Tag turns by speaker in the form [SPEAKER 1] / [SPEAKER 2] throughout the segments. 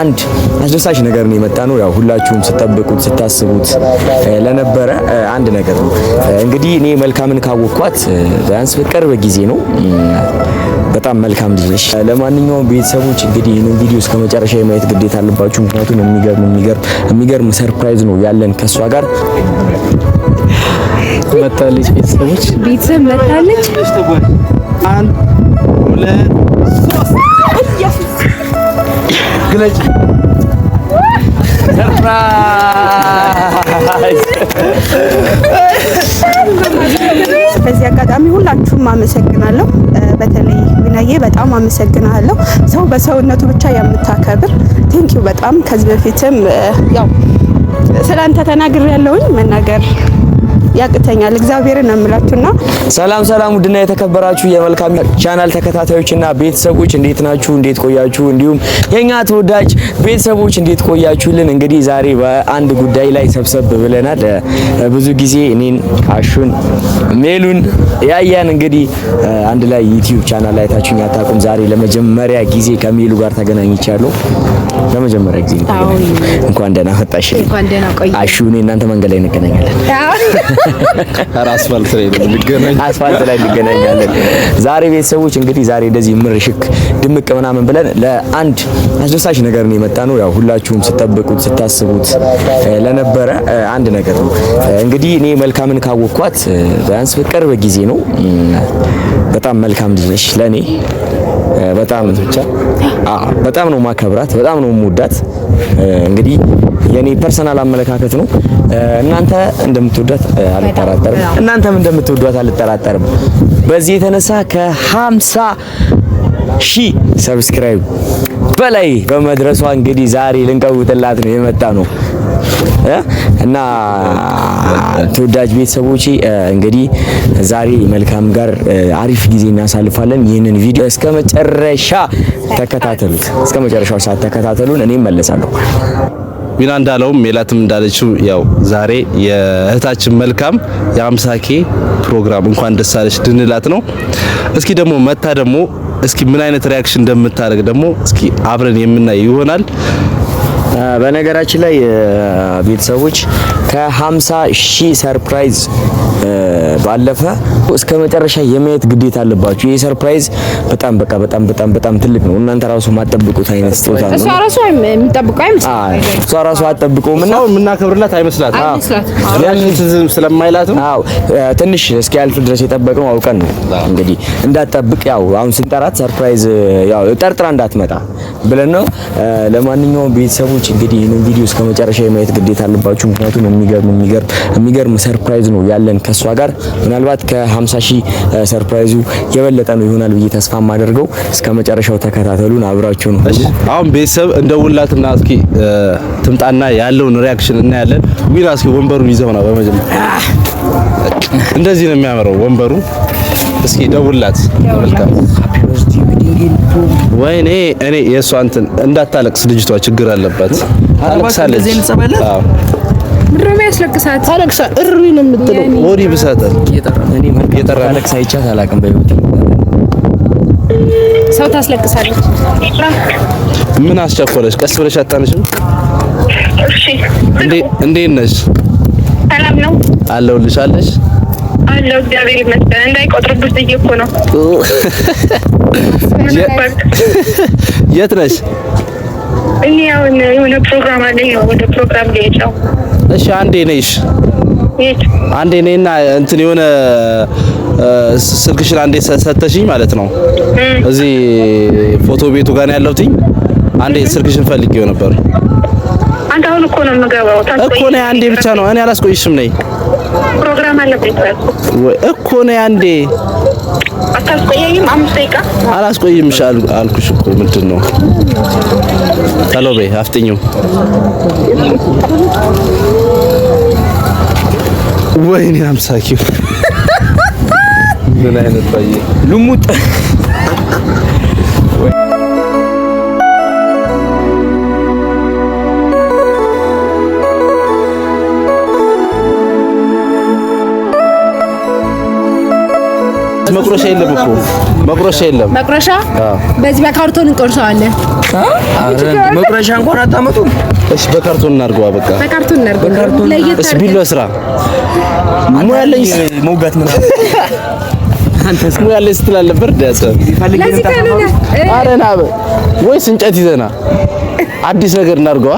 [SPEAKER 1] አንድ አስደሳች ነገር ነው የመጣ ነው። ያው ሁላችሁም ስጠብቁት ስታስቡት ለነበረ አንድ ነገር ነው። እንግዲህ እኔ መልካምን ካወቅኳት ቢያንስ በቅርብ ጊዜ ነው። በጣም መልካም ልጅ ለማንኛውም ቤተሰቦች እንግዲህ ይህንን ቪዲዮ እስከ መጨረሻ የማየት ግዴታ አለባችሁ። ምክንያቱም የሚገርም የሚገርም የሚገርም ሰርፕራይዝ ነው ያለን ከእሷ ጋር መጣለች። ቤተሰቦች
[SPEAKER 2] ቤተሰብ መጣለች።
[SPEAKER 1] አንድ ሁለት ሶስት ግለጭ።
[SPEAKER 2] በዚህ አጋጣሚ ሁላችሁም አመሰግናለሁ። በተለይ ዊናዬ በጣም አመሰግናለሁ። ሰው በሰውነቱ ብቻ የምታከብር ቴንኪው። በጣም ከዚህ በፊትም ያው ስለ አንተ ተናግሬ ያለውኝ መናገር ያቅተኛል። እግዚአብሔር ነው የምላችሁና
[SPEAKER 1] ሰላም ሰላም፣ ውድና የተከበራችሁ የመልካም ቻናል ተከታታዮችና ቤተሰቦች እንዴት ናችሁ? እንዴት ቆያችሁ? እንዲሁም የኛ ተወዳጅ ቤተሰቦች እንዴት ቆያችሁልን? እንግዲህ ዛሬ በአንድ ጉዳይ ላይ ሰብሰብ ብለናል። ብዙ ጊዜ እኔን አሹን ሜሉን ያያን እንግዲህ አንድ ላይ ዩቲዩብ ቻናል ላይ ታችሁኝ አታውቁም። ዛሬ ለመጀመሪያ ጊዜ ከሜሉ ጋር ተገናኝቻለሁ። ለመጀመሪያ ጊዜ እንኳን ደህና መጣሽ። አሹ እኔ እናንተ መንገድ ላይ እንገናኛለን። አስፋልት ላይ እንገናኛለን። ዛሬ ቤተሰቦች እንግዲህ ዛሬ እንደዚህ ምር ሽክ ድምቅ ምናምን ብለን ለአንድ አስደሳች ነገር ነው የመጣ ነው። ያው ሁላችሁም ስጠብቁት ስታስቡት ለነበረ አንድ ነገር ነው እንግዲህ እኔ መልካምን ካወቅኳት ቢያንስ በቅርብ ጊዜ ነው። በጣም መልካም ልጅ ነች ለእኔ በጣም በጣም ነው ማከብራት፣ በጣም ነው የምወዳት። እንግዲህ የኔ ፐርሰናል አመለካከት ነው። እናንተ እንደምትወዷት አልጠራጠርም፣ እናንተም እንደምትወዷት አልጠራጠርም። በዚህ የተነሳ ከሀምሳ ሺህ ሰብስክራይብ በላይ በመድረሷ እንግዲህ ዛሬ ልንቀውጥላት ነው የመጣ ነው። እና ተወዳጅ ቤተሰቦቼ እንግዲህ ዛሬ መልካም ጋር አሪፍ ጊዜ እናሳልፋለን። ይህንን ቪዲዮ እስከ መጨረሻ ተከታተሉት። እስከ መጨረሻው ሰዓት ተከታተሉን። እኔም መለሳለሁ። ቢና እንዳለውም ሜላትም እንዳለችው ያው ዛሬ የእህታችን መልካም የአምሳኬ ፕሮግራም እንኳን ደስ አለሽ ድንላት ነው። እስኪ ደግሞ መታ ደግሞ እስኪ ምን አይነት ሪያክሽን እንደምታደርግ ደግሞ እስኪ አብረን የምናይ ይሆናል። በነገራችን ላይ ቤተሰቦች ከ50 ሺህ ሰርፕራይዝ ባለፈ እስከ መጨረሻ የማየት ግዴታ አለባችሁ። ይሄ ሰርፕራይዝ በጣም በቃ በጣም በጣም በጣም ትልቅ ነው። እናንተ ራሱ ማጠብቁት አይነት
[SPEAKER 2] ስጦታ ነው። እሷ ራሱ የምጠብቀው
[SPEAKER 1] አይመስላትም። ራሱ እና የምናከብርላት አይመስላትም። አዎ ያንን ስለማይላትም አዎ ትንሽ እስኪ ያልፍ ድረስ የጠበቅነው አውቀን ነው እንግዲህ እንዳትጠብቅ ያው አሁን ስንጠራት ሰርፕራይዝ ያው ጠርጥራ እንዳትመጣ ብለን ነው። ለማንኛውም ቤተሰቦች እንግዲህ ይህንን ቪዲዮ እስከ መጨረሻ የማየት ግዴታ አለባችሁ። ምክንያቱም የሚገርም የሚገርም የሚገርም ሰርፕራይዝ ነው ያለን ከእሷ ጋር ምናልባት ከ50 ሺህ ሰርፕራይዙ የበለጠ ነው ይሆናል ብዬ ተስፋ ማደርገው። እስከ መጨረሻው ተከታተሉን፣ አብራችሁ ነው። አሁን ቤተሰብ እንደውላትና እስኪ ትምጣና ያለውን ሪያክሽን እናያለን። ዊና እስኪ ወንበሩን ይዘው ነው በመጀመሪያ እንደዚህ ነው የሚያምረው ወንበሩ። እስኪ ደውላት መልካም ወይኔ እኔ የእሷ እንትን እንዳታለቅስ ልጅቷ ችግር አለባት። ታለቅሳለች።
[SPEAKER 2] ምንድን ያስለቅሳት?
[SPEAKER 1] ታለቅሳ እሪ ነው የምትለው። ወዲ ብሳታል እየጠራ ታለቅሳ ይቻት አላውቅም። በህይወት
[SPEAKER 2] ሰው ታስለቅሳለች።
[SPEAKER 1] ምን አስቸኮለች ቀስ ብለሽ አጣነሽም። እሺ እንዴ እንዴ ነሽ? ሰላም ነው አለሁልሽ። አለሽ
[SPEAKER 2] አለሁ። እግዚአብሔር ይመስገን። እንዳይቆጥርብሽ ብዬሽ እኮ ነው። የት ነሽ? እኔ አሁን የሆነ ፕሮግራም አለኝ። ወደ ፕሮግራም ልሄድ ነው
[SPEAKER 1] እሺ፣ አንዴ ነይሽ አንዴ ነይና እንትን የሆነ ስልክሽን አንዴ ሰተሽኝ ማለት ነው። እዚህ ፎቶ ቤቱ ጋር ነው ያለሁት። አንዴ ስልክሽን ፈልጌው ነበር።
[SPEAKER 2] አንተ አሁን እኮ ነው የምገባው
[SPEAKER 1] እኮ ነው። አንዴ ብቻ ነው እኔ አላስቆይሽም። ነይ
[SPEAKER 2] ፕሮግራም አለብኝ
[SPEAKER 1] እኮ ነው። አንዴ
[SPEAKER 2] አታስቆየኝም? አምስት ደቂቃ
[SPEAKER 1] አላስቆይም አልኩሽ እኮ ምንድን ነው? ሄሎ በይ አፍጥኚው ወይኔ አምሳኪ ምን አይነት ባየ ልሙጥ መቁረሻ የለም እኮ መቁረሻ የለም።
[SPEAKER 2] መቁረሻ በዚህ በካርቶን እንቆርሰዋለን።
[SPEAKER 1] መቁረሻ እንኳን አታመጡም። እሺ በካርቶን እናድርገዋ። በቃ
[SPEAKER 2] በካርቶን እናድርገዋ።
[SPEAKER 1] ለየት ስራ ሞጋት ምናምን ስትል አልነበር? ኧረ ና ወይስ እንጨት ይዘና አዲስ ነገር እናድርገዋ።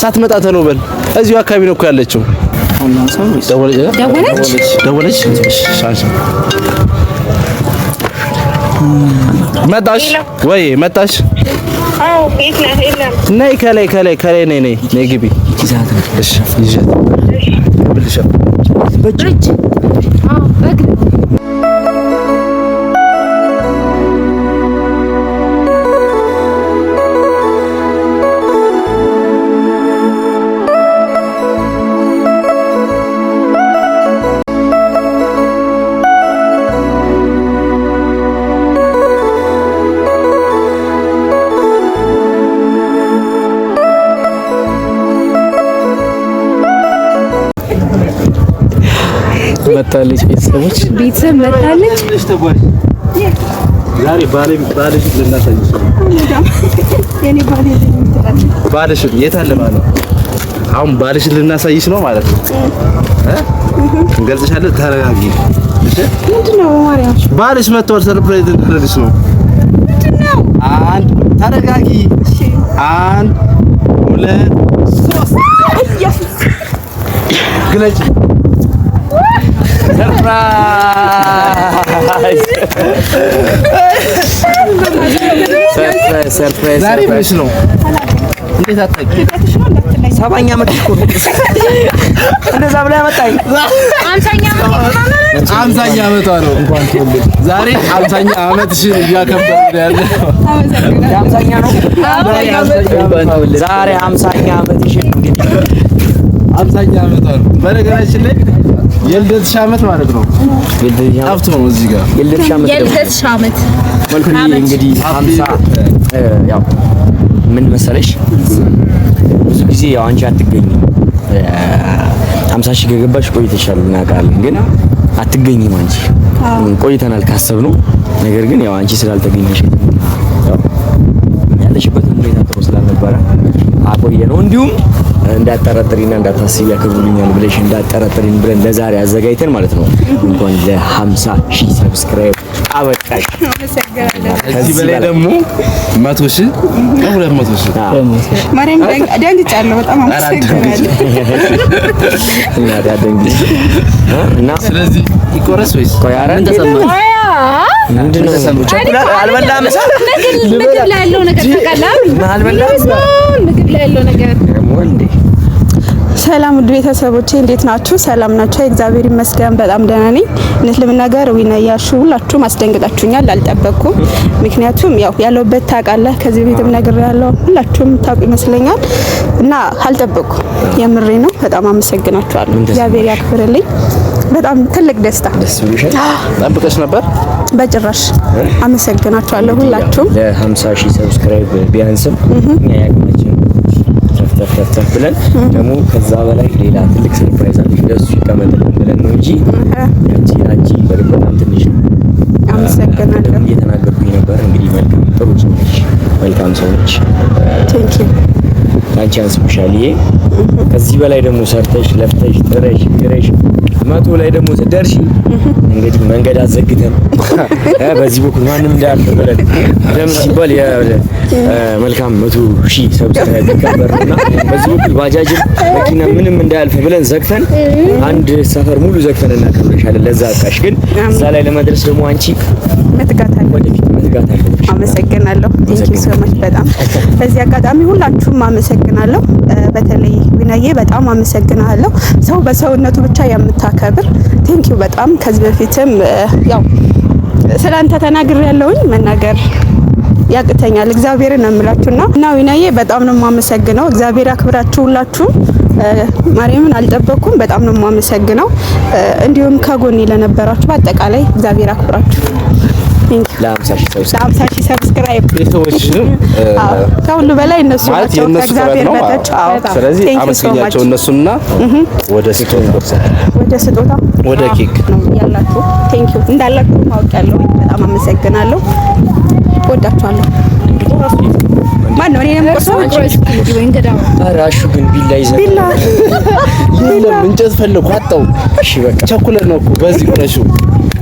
[SPEAKER 1] ሳትመጣ ተሎ በል። እዚሁ አካባቢ ነው እኮ ያለችው።
[SPEAKER 2] ደወለች
[SPEAKER 1] መጣሽ ወይ መጣሽ? ነይ ከላይ ከላይ ከላይ ነይ ነይ ነይ ግቢ። ይዣት በምን ልሸፍን? በእጅ በእግር መታለች። ቤተሰቦች
[SPEAKER 2] ቤተሰብ መታለች።
[SPEAKER 1] ዛሬ ባሌ ባሌ ልናሳይሽ የኔ ባሌ ባልሽ የት አለ ማለት አሁን ባልሽ ልናሳይሽ ነው ማለት ነው። እንገልጽሻለን። ተረጋጊ።
[SPEAKER 2] እሺ ምንድነው ማርያም
[SPEAKER 1] ባልሽ መጥቷል። ሰርፕራይዝ ልናደርግሽ ነው። ምንድነው? አንድ ተረጋጊ። አንድ ሁለት ሶስት ግለጭ ሰርፕራይዝ ነው። እንዴት አታውቂ?
[SPEAKER 2] ሰባኛ ዓመት እኮ እንደዛ ብላ ያመጣኝ አምሳኛ
[SPEAKER 1] ዓመቷ ነው። እንኳን ተወልድ ዛሬ አምሳኛ ዓመትሽን እያከበርን ያለ
[SPEAKER 2] የአምሳኛ ነው
[SPEAKER 1] ዛሬ አምሳኛ ዓመትሽን እንግዲህ አምሳኛ ዓመቷ ነው። በነገራችን ላይ የልደትሽ ዓመት ማለት ነው። ጠፍቶ ነው እዚህ ጋር የልደትሽ ዓመት እንግዲህ ሃምሳ ያው ምን መሰለሽ ብዙ ጊዜ ያው አንቺ አትገኝም። ሃምሳ ሺህ ከገባሽ ቆይተሻል እናውቃለን፣ ግን አትገኝም አንቺ ቆይተናል ካሰብነው ነገር ግን ያው አንቺ ስላልተገኘሽ ያለሽበት ሁኔታ ጥሩ ስላልነበረ አቆየ ነው እንዲሁም እንዳጠረጥሪና እንዳታስቢ ያከብሩልኛል ብለሽ እንዳጠረጥሪን ብለን ለዛሬ አዘጋጅተን ማለት ነው። እንኳን ለ50 ሺህ ሰብስክራይብ አበቃሽ። ከዚህ በላይ ደግሞ መቶ ሺህ ነው። መቶ ሺህ
[SPEAKER 2] ማርያም ደንግጫለሁ። በጣም አመሰግናለሁ።
[SPEAKER 1] እና እና ስለዚህ ይቆረስ ወይስ ቆይ አረ
[SPEAKER 2] ምግብ ላይ ያለው ነገር ሰላም ውድ ቤተሰቦቼ እንዴት ናችሁ? ሰላም ናችሁ? እግዚአብሔር ይመስገን በጣም ደህና ነኝ። እውነት ለመናገር ዊና ያሹ ሁላችሁም አስደንግጣችሁኛል፣ አልጠበቅኩም። ምክንያቱም ያው ያለሁበት ታውቃለህ፣ ከዚህ በፊትም ነገር ያለው ሁላችሁም ታውቁ ይመስለኛል እና አልጠበቅኩም። የምሬ ነው። በጣም አመሰግናችኋለሁ። እግዚአብሔር ያክብርልኝ። በጣም ትልቅ ደስታ። ደስ ብሎሻል? ጠብቀሽ ነበር? በጭራሽ። አመሰግናችኋለሁ ሁላችሁም
[SPEAKER 1] ለ50 ሺህ ሰብስክራይብ ቢያንስም እኛ ያግማችን ተፍ ተፍ ተፍ ብለን ደግሞ ከዛ በላይ ሌላ ትልቅ ሰርፕራይዝ አለ ለሱ ይቀመጥልን ብለን ነው እንጂ ያቺ ያቺ በጣም ትንሽ ነው።
[SPEAKER 2] አመሰግናለሁ።
[SPEAKER 1] እየተናገርኩኝ ነበር። እንግዲህ መልካም ጥሩ ሰው ነች፣ መልካም ሰው ነች። ቴንክ ዩ አንቺ ያንስብሻል። ይሄ ከዚህ በላይ ደግሞ ሰርተሽ ለፍተሽ ጥረሽ ግረሽ መቶ ላይ ደግሞ ትደርሺ እንግዲህ መንገድ አዘግተን በዚህ በኩል ማንም እንዳለ ብለን ደም ሲባል መልካም መቶ ሺህ ሰብስክራይብ ይከበርና በዚህ በኩል ባጃጅም መኪና ምንም እንዳያልፍ ብለን ዘግተን አንድ ሰፈር ሙሉ ዘግተን እናከብረሻለን። ለዛ አቃሽ ግን እዛ ላይ ለመድረስ ደግሞ አንቺ
[SPEAKER 2] መትጋት ወደፊት አመሰግናለሁ። ቴንኪው ሰማች በጣም በዚህ አጋጣሚ ሁላችሁም አመሰግናለሁ። በተለይ ዊናዬ በጣም አመሰግናለሁ። ሰው በሰውነቱ ብቻ የምታከብር ቴንኪው በጣም ከዚህ በፊትም ያው ስለ አንተ ተናግሬ ያለውኝ መናገር ያቅተኛል እግዚአብሔር ነው የምላችሁና እና ዊናዬ በጣም ነው የማመሰግነው። እግዚአብሔር ያክብራችሁ ሁላችሁም። ማርያምን አልጠበኩም። በጣም ነው የማመሰግነው። እንዲሁም ከጎኔ ለነበራችሁ በአጠቃላይ እግዚአብሔር አክብራችሁ ለሀምሳ ሺህ ሰብስክራይብ ቤተሰቦች ከሁሉ በላይ እነሱ
[SPEAKER 1] ናቸው። ከእግዚአብሔር በታች ስለዚህ አመስገኛቸው እነሱና ወደ ስጦታ ወደ ኬክ
[SPEAKER 2] ያላችሁ ቴንኪው እንዳላችሁ ማወቅ ያለው በጣም አመሰግናለሁ። ወዳችኋለሁ። ማነው እኔ
[SPEAKER 1] ግን ቢላ ይዘን የለም እንጨት ፈለኩ አጣሁ። እሺ በቃ ቸኩለን ነው እኮ በዚህ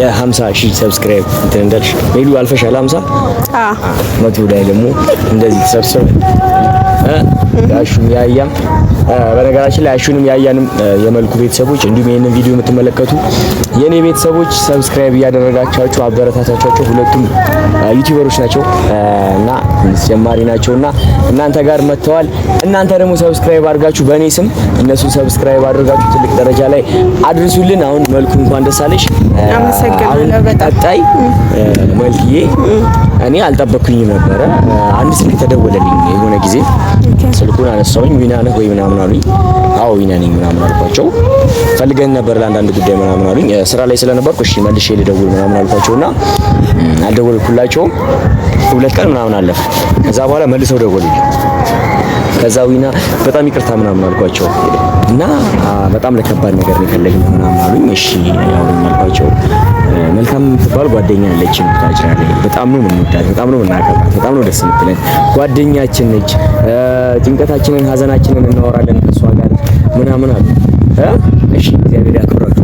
[SPEAKER 1] ለ50 ሺህ ሰብስክራይብ እንትን እንዳልሽ ሜሉ አልፈሻል። 50 መቶ ላይ ደግሞ እንደዚህ ተሰብስበን ያሹም ያያም በነገራችን ላይ ያሹንም ያያንም የመልኩ ቤተሰቦች እንዲሁም ይህንን ቪዲዮ የምትመለከቱ የኔ ቤተሰቦች ሰብስክራይብ እያደረጋቸው አበረታታቸው። ሁለቱም ዩቲዩበሮች ናቸው እና ጀማሪ ናቸውና እናንተ ጋር መጥተዋል። እናንተ ደግሞ ሰብስክራይብ አድርጋችሁ በእኔ ስም እነሱን ሰብስክራይብ አድርጋችሁ ትልቅ ደረጃ ላይ አድርሱልን። አሁን መልኩ እንኳን ደስ አለሽ።
[SPEAKER 2] አመሰግናለሁ።
[SPEAKER 1] በጣም ቀጣይ መልክዬ እኔ አልጠበቅኩኝም ነበረ። አንድ ስልክ ተደወለልኝ የሆነ ጊዜ ስልኩን አነሳውኝ ዊና ነህ ወይ ምናምን አሉኝ። አዎ ዊና ነኝ ምናምን አልኳቸው። ፈልገን ነበር ለአንዳንድ ጉዳይ ምናምን አሉኝ። ስራ ላይ ስለነበርኩ እሺ መልሼ ልደውል ምናምን አልኳቸው እና አልደወልኩላቸውም። ሁለት ቀን ምናምን አለፈ። ከዛ በኋላ መልሰው ደወሉልኝ። ከዛ ዊና በጣም ይቅርታ ምናምን አልኳቸው እና በጣም ለከባድ ነገር ነው የፈለግን ምናምን አሉኝ። እሺ ያውሩኝ አልኳቸው። መልካም የምትባል ጓደኛ አለችን ታጭራ ላይ በጣም ነው የምንወዳት፣ በጣም ነው የምናከብራት፣ በጣም ነው ደስ የምትለን ጓደኛችን ነች። ጭንቀታችንን ሀዘናችንን እናወራለን ከሷ ጋር ምናምን አሉ። እሺ እግዚአብሔር ዩ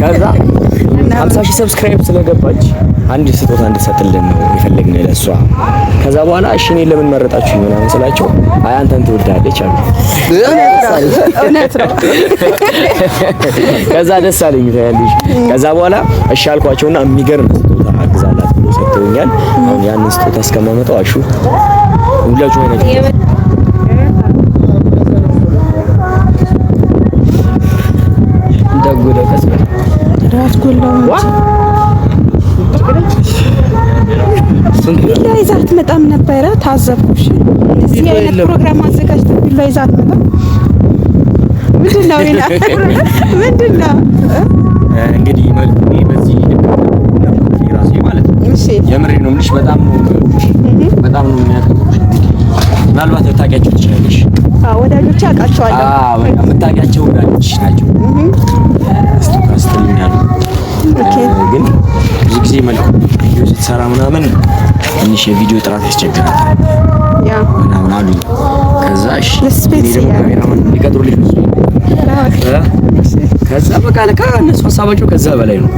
[SPEAKER 1] ከዛ ሀምሳ ሺህ ሰብስክራይብ ስለገባች አንድ ስጦታ እንድሰጥልን ነው የፈለግን ለእሷ። ከዛ በኋላ እሺ እኔን ለምን መረጣችሁ ምናምን ስላቸው አይ አንተን ትወዳለች አሉ። ከዛ ደስ አለኝ ታያለሽ። ከዛ በኋላ እሺ አልኳቸውና የሚገርም ስጦታ አግዛላት ብሎ ሰጥቶኛል። አሁን ያንን ስጦታ እስከማመጣው አሹ ሁላችሁ አይነት ደጉ
[SPEAKER 2] ቢላ ይዛ አትመጣም ነበረ ታዘብኩሽ። እዚህ አይነት ፕሮግራም አዘጋጅተህ ቢላ ይዛ አትመጣም ምንድን ነው? ምንድን ነው
[SPEAKER 1] እንግዲህ በዚህ ራሴ ማለት ነው። የምሬ ነው የምልሽ። በጣም በጣም ነው የሚያቀርቡሽ። ምናልባት ልታውቂያቸው ትችላለሽ። ወዳጆች አውቃቸዋለሁ። የምታውቂያቸው ወዳጆች ናቸው። በዚህ መልኩ ቪዲዮ ስትሰራ ምናምን ትንሽ የቪዲዮ ጥራት ያስቸግራል ምናምን አሉኝ። ከዛ ካሜራማን ሊቀጥሩ ልጅ ከዛ በቃ ለካ እነሱ ሀሳባቸው ከዛ በላይ ነው።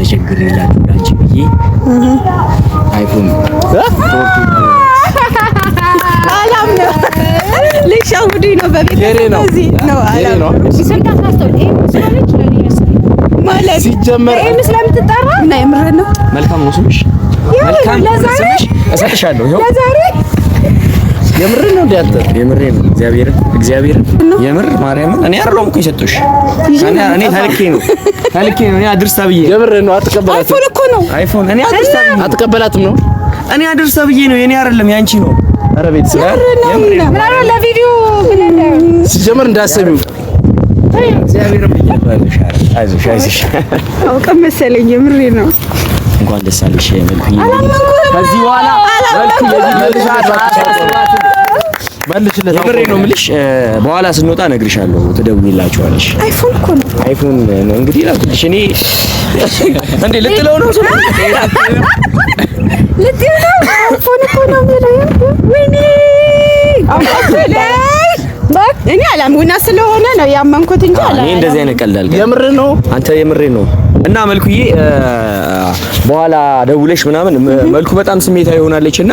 [SPEAKER 1] ተቸግር ይላችሁ ዳንቺ ብዬ አይፎን እሑድ ነው በቤት
[SPEAKER 2] ነው ማለት ሲጀመር ስለምትጠራ እና የምሬን ነው።
[SPEAKER 1] መልካም ነው ስምሽ መልካም ስምሽ እሰጥሻለሁ። ይኸው የምሬን ነው እንደ የምሬን ነው። እግዚአብሔር እግዚአብሔር የምር ማርያምን እኔ አይደለሁም እኮ የሰጡሽ እኔ ተልኬ ነው ተልኬ ነው። እኔ አድርሳ ብዬሽ የምሬን ነው። አትቀበላትም
[SPEAKER 2] አይፎን እኮ ነው
[SPEAKER 1] አይፎን እኔ አትቀበላትም ነው እኔ አድርሳ ብዬሽ ነው የእኔ አይደለም ያንቺ ነው ኧረ ቤተሰብ ለቪዲዮ ሲጀምር
[SPEAKER 2] መሰለኝ። የምሬ ነው።
[SPEAKER 1] እንኳን ደስ አለሽ። ከዚህ በኋላ የምሬ ነው የምልሽ። በኋላ ስንወጣ እነግርሻለሁ፣ ትደውይላችኋለሽ።
[SPEAKER 2] አይፎን እኮ ነው
[SPEAKER 1] አይፎን ነው እንግዲህ እኔ እንዴ ልትለው ነው
[SPEAKER 2] ልትለው ነው አይፎን እኮ ነው እኔ አላምኩና ስለሆነ ነው ያመንኩት እንጂ
[SPEAKER 1] አላ እኔ እንደዚህ አይነት ቀላል የምር ነው። አንተ የምሬ ነው። እና መልኩዬ በኋላ ደውለሽ ምናምን መልኩ በጣም ስሜታዊ ሆናለች እና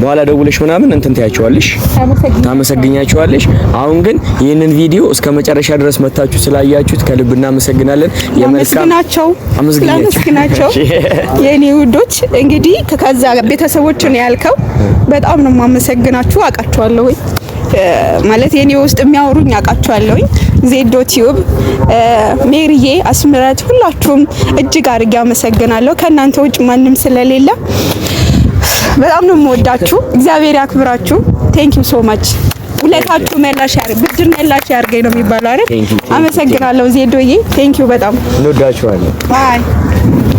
[SPEAKER 1] በኋላ ደውለሽ ምናምን እንትን ታያቸዋለሽ፣ ታመሰግኛቸዋለሽ። አሁን ግን ይህንን ቪዲዮ እስከ መጨረሻ ድረስ መታችሁ ስላያችሁት ከልብ እናመሰግናለን።
[SPEAKER 2] የመልካም አመስግናቸው የኔ ውዶች። እንግዲህ ከዛ ቤተሰቦች ያልከው፣ በጣም ነው የማመሰግናችሁ። አውቃቸዋለሁ ወይ ማለት የኔ ውስጥ የሚያወሩኝ አውቃቸዋለሁኝ። ዜዶ ቲዩብ፣ ሜሪዬ፣ አስምረት ሁላችሁም እጅግ አድርጌ አመሰግናለሁ። ከእናንተ ውጭ ማንም ስለሌለ በጣም ነው የምወዳችሁ። እግዚአብሔር ያክብራችሁ። ቴንክ ዩ ሶ ማች ሁለታችሁ መላሽ ያር ብድር መላሽ ያርገኝ ነው የሚባለው አይደል? አመሰግናለሁ ዜዶዬ፣ ቴንክ ዩ በጣም እንወዳችኋለን።